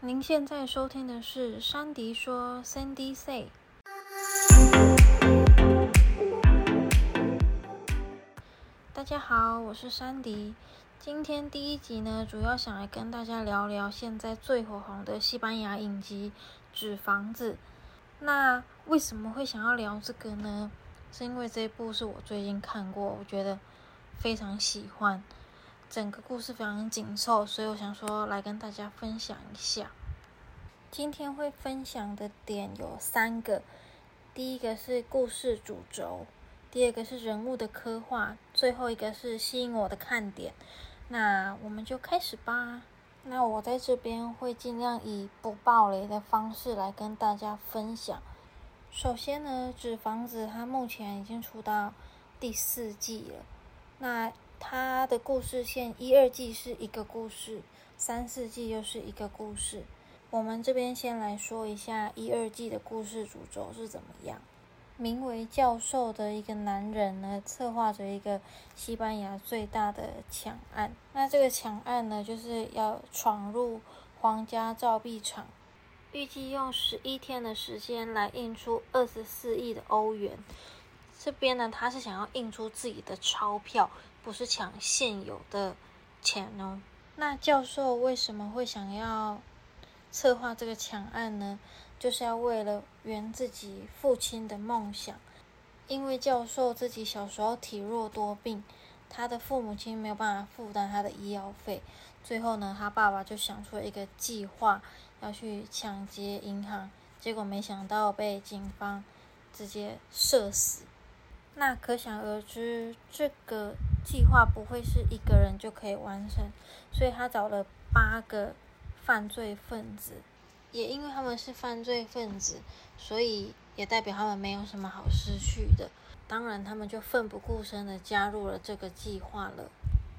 您現在收聽的是珊迪說 （Sandy Say）。大家好，我是珊迪。今天第一集呢，主要想來跟大家聊聊現在最火紅的西班牙影集《紙房子》。那為什麼會想要聊這個呢？是因為這部是我最近看過，我覺得非常喜歡。整個故事非常緊湊，所以我想說來跟大家分享一下。今天會分享的點有三個，第一個是故事主軸，第二個是人物的刻畫，最後一個是吸引我的看點。那我們就開始吧。那我在這邊會盡量以不爆雷的方式來跟大家分享。首先呢，紙房子它目前已經出到第四季了。那它的故事線一二季是一個故事，三四季又是一個故事。我們這邊先來說一下一二季的故事主軸是怎麼樣。名為教授的一個男人呢，策劃着一個西班牙最大的搶案。那這個搶案呢，就是要闖入皇家造幣廠，預計用十一天的時間來印出二十四億的歐元。這邊呢，他是想要印出自己的鈔票，不是搶現有的錢哦。那教授為什麼會想要策劃這個搶案呢？就是要為了圓自己父親的夢想。因為教授自己小時候體弱多病，他的父母親沒有辦法負擔他的醫藥費。最後呢，他爸爸就想出了一個計劃，要去搶劫銀行，結果沒想到被警方直接射死。那可想而知，這個計劃不會是一個人就可以完成，所以他找了八個犯罪分子。也因為他們是犯罪分子，所以也代表他們沒有什麼好失去的。當然，他們就奮不顧身的加入了這個計劃了。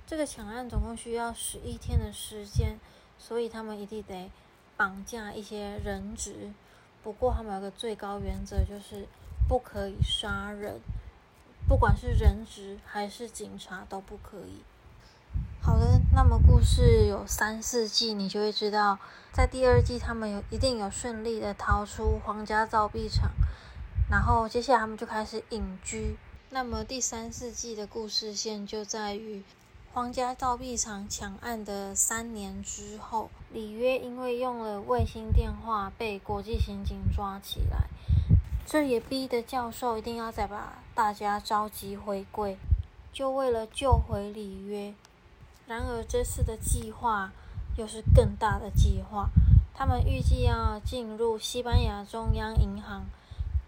這個搶案總共需要十一天的時間，所以他們一定得綁架一些人質。不過，他們有個最高原則，就是不可以殺人。不管是人質還是警察都不可以。好的，那麼故事有三四季，你就會知道，在第二季他們有一定有順利的逃出皇家造幣廠，然後接下來他們就開始隱居。那麼第三四季的故事線就在於皇家造幣廠搶案的三年之後，里約因為用了衛星電話被國際刑警抓起來。這也逼得教授一定要再把大家召集回歸，就為了救回里約。然而這次的計劃又是更大的計劃，他們預計要進入西班牙中央銀行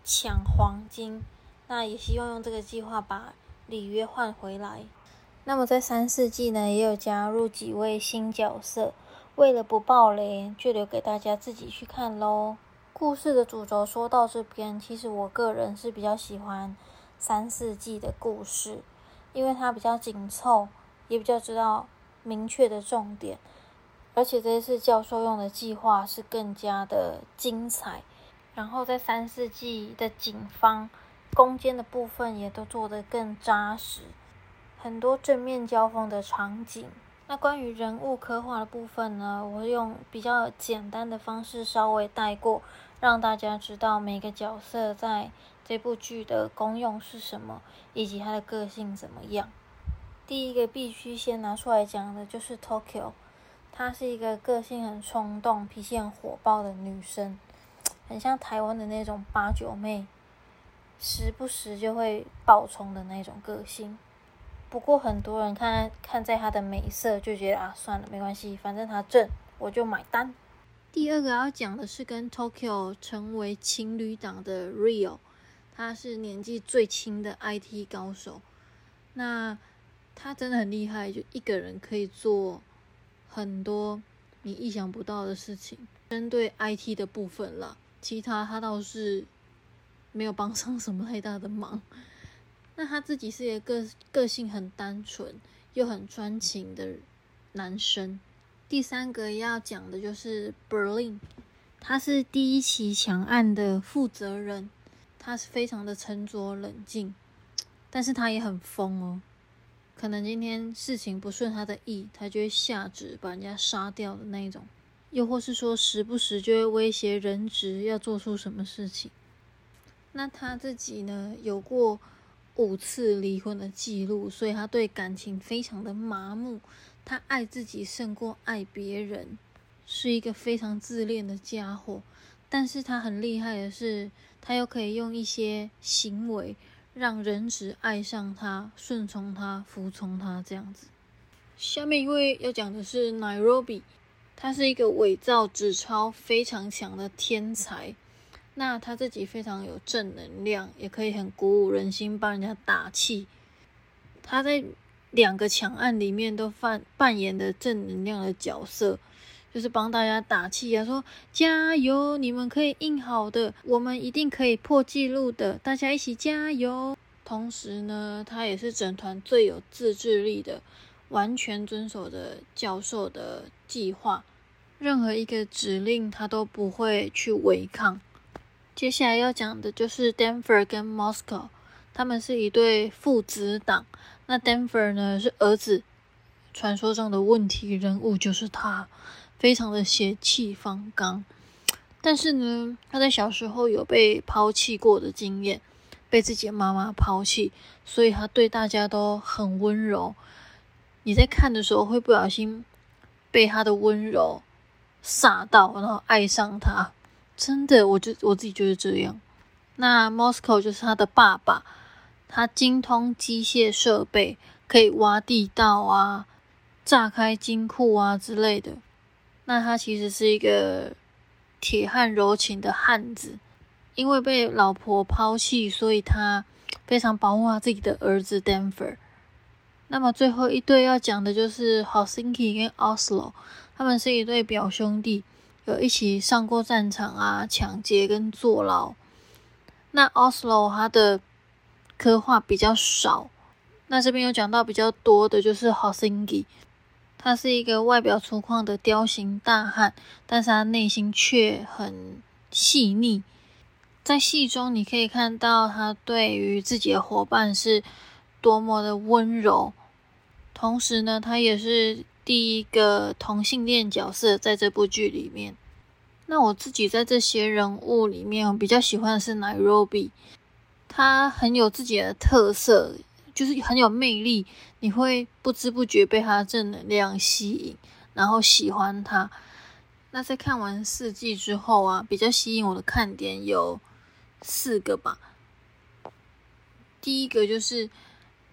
搶黃金，那也希望用這個計劃把里約換回來。那麼在三四季呢，也有加入幾位新角色，為了不爆雷，就留給大家自己去看嘍。故事的主軸說到這邊，其實我個人是比較喜歡三四季的故事，因為它比較緊湊，也比較知道明確的重點。而且這一次教授用的計劃是更加的精彩。然後在三四季的警方攻堅的部分，也都做得更紮實，很多正面交鋒的場景。那關於人物刻畫的部分呢，我用比較簡單的方式稍微帶過，讓大家知道每個角色在這部劇的功用是什麼，以及他的個性怎麼樣。第一個必須先拿出來講的就是 Tokyo，她是一個個性很衝動、脾氣很火爆的女生，很像台灣的那種八九妹，時不時就會爆衝的那種個性。不過很多人看看在她的美色就覺得啊，算了，沒關係，反正她正，我就買單。第二個要講的是跟 Tokyo 成為情侶檔的 Rio，他是年紀最輕的 IT 高手。那他真的很厲害，就一個人可以做很多你意想不到的事情，針對 IT 的部分啦。其他他倒是沒有幫上什麼太大的忙。那他自己是一個個、個性很單純又很專情的男生。第三個要講的就是 Berlin，他是第一起搶案的負責人，他是非常的沉着冷靜，但是他也很瘋哦，可能今天事情不順他的意，他就會下旨把人家殺掉的那種，又或是說時不時就會威脅人質要做出什麼事情。那他自己呢，有過五次離婚的記錄，所以他對感情非常的麻木。他愛自己勝過愛別人，是一個非常自戀的家伙。但是他很厲害的是，他又可以用一些行為讓人質愛上他、順從他、服從他這樣子。下面一位要講的是 Nairobi，他是一個偽造紙鈔非常強的天才。那他自己非常有正能量，也可以很鼓舞人心，幫人家打氣。他在兩個搶案裡面都扮扮演的正能量的角色，就是幫大家打氣啊，說加油，你們可以印好的，我們一定可以破紀錄的，大家一起加油。同時呢，他也是整團最有自制力的，完全遵守著教授的計劃，任何一個指令他都不會去違抗。接下來要講的就是 Denver 跟 Moscow，他們是一對父子檔。那 Denver 呢，是兒子傳說中的問題人物，就是他非常的血氣方剛。但是呢，他在小時候有被拋棄過的經驗，被自己的媽媽拋棄，所以他對大家都很溫柔。你在看的時候會不小心被他的溫柔煞到，然後愛上他。真的，我就我自己就是這樣。那 Moscow 就是他的爸爸。他精通機械設備，可以挖地道啊、炸開金庫啊之類的。那他其實是一個鐵漢柔情的漢子，因為被老婆拋棄，所以他非常保護他自己的兒子 Denver。那麼最後一對要講的就是 Helsinki 跟 Oslo，他們是一對表兄弟，有一起上過戰場啊、搶劫跟坐牢。那 Oslo 他的。刻畫比較少，那這邊有講到比較多的就是 Helsinki，他是一個外表粗獷的彪形大漢，但是他內心卻很細膩。在戲中你可以看到他對於自己的夥伴是多麼的溫柔，同時呢，他也是第一個同性戀角色在這部劇裡面。那我自己在這些人物裡面，我比較喜歡的是 Nairobi。他很有自己的特色，就是很有魅力，你會不知不覺被他正能量吸引，然後喜歡他。那在看完四季之後啊，比較吸引我的看點有四個吧。第一個就是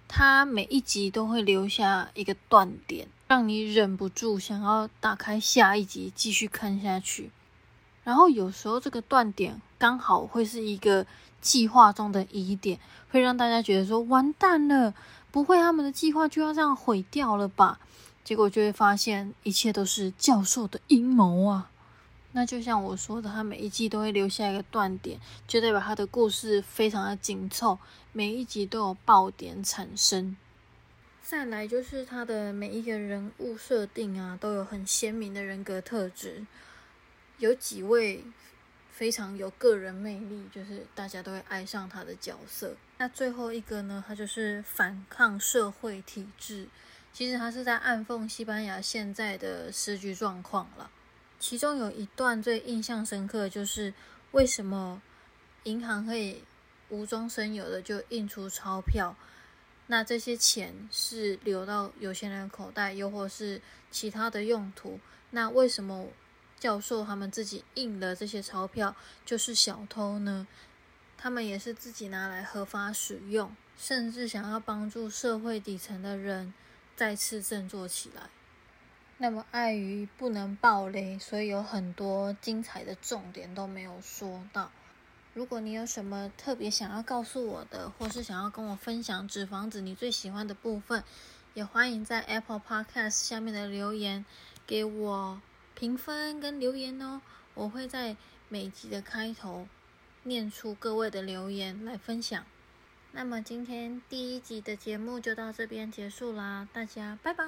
他每一集都會留下一個斷點，讓你忍不住想要打開下一集繼續看下去。然後有時候這個斷點剛好會是一個。計劃中的疑點，會讓大家覺得說完蛋了，不會他們的計劃就要這樣毀掉了吧？結果就會發現一切都是教授的陰謀啊！那就像我說的，他每一季都會留下一個斷點，就代表他的故事非常的緊湊，每一集都有爆點產生。再來就是他的每一個人物設定啊，都有很鮮明的人格特質，有幾位。非常有個人魅力，就是大家都會愛上他的角色。那最後一個呢？他就是反抗社會體製，其實他是在暗諷西班牙現在的失去狀況了。其中有一段最印象深刻，就是為什麼銀行可以無中生有的就印出鈔票？那這些錢是流到有錢人的口袋，又或是其他的用途？那為什麼？教授他們自己印的這些鈔票，就是小偷呢？他們也是自己拿來合法使用，甚至想要幫助社會底層的人再次振作起來。那麼礙於不能爆雷，所以有很多精彩的重點都沒有說到。如果你有什麼特別想要告訴我的，或是想要跟我分享《紙房子》你最喜歡的部分，也歡迎在 Apple Podcast 下面的留言給我。評分跟留言哦，我會在每集的開頭念出各位的留言來分享。那麼今天第一集的節目就到這邊結束啦，大家拜拜。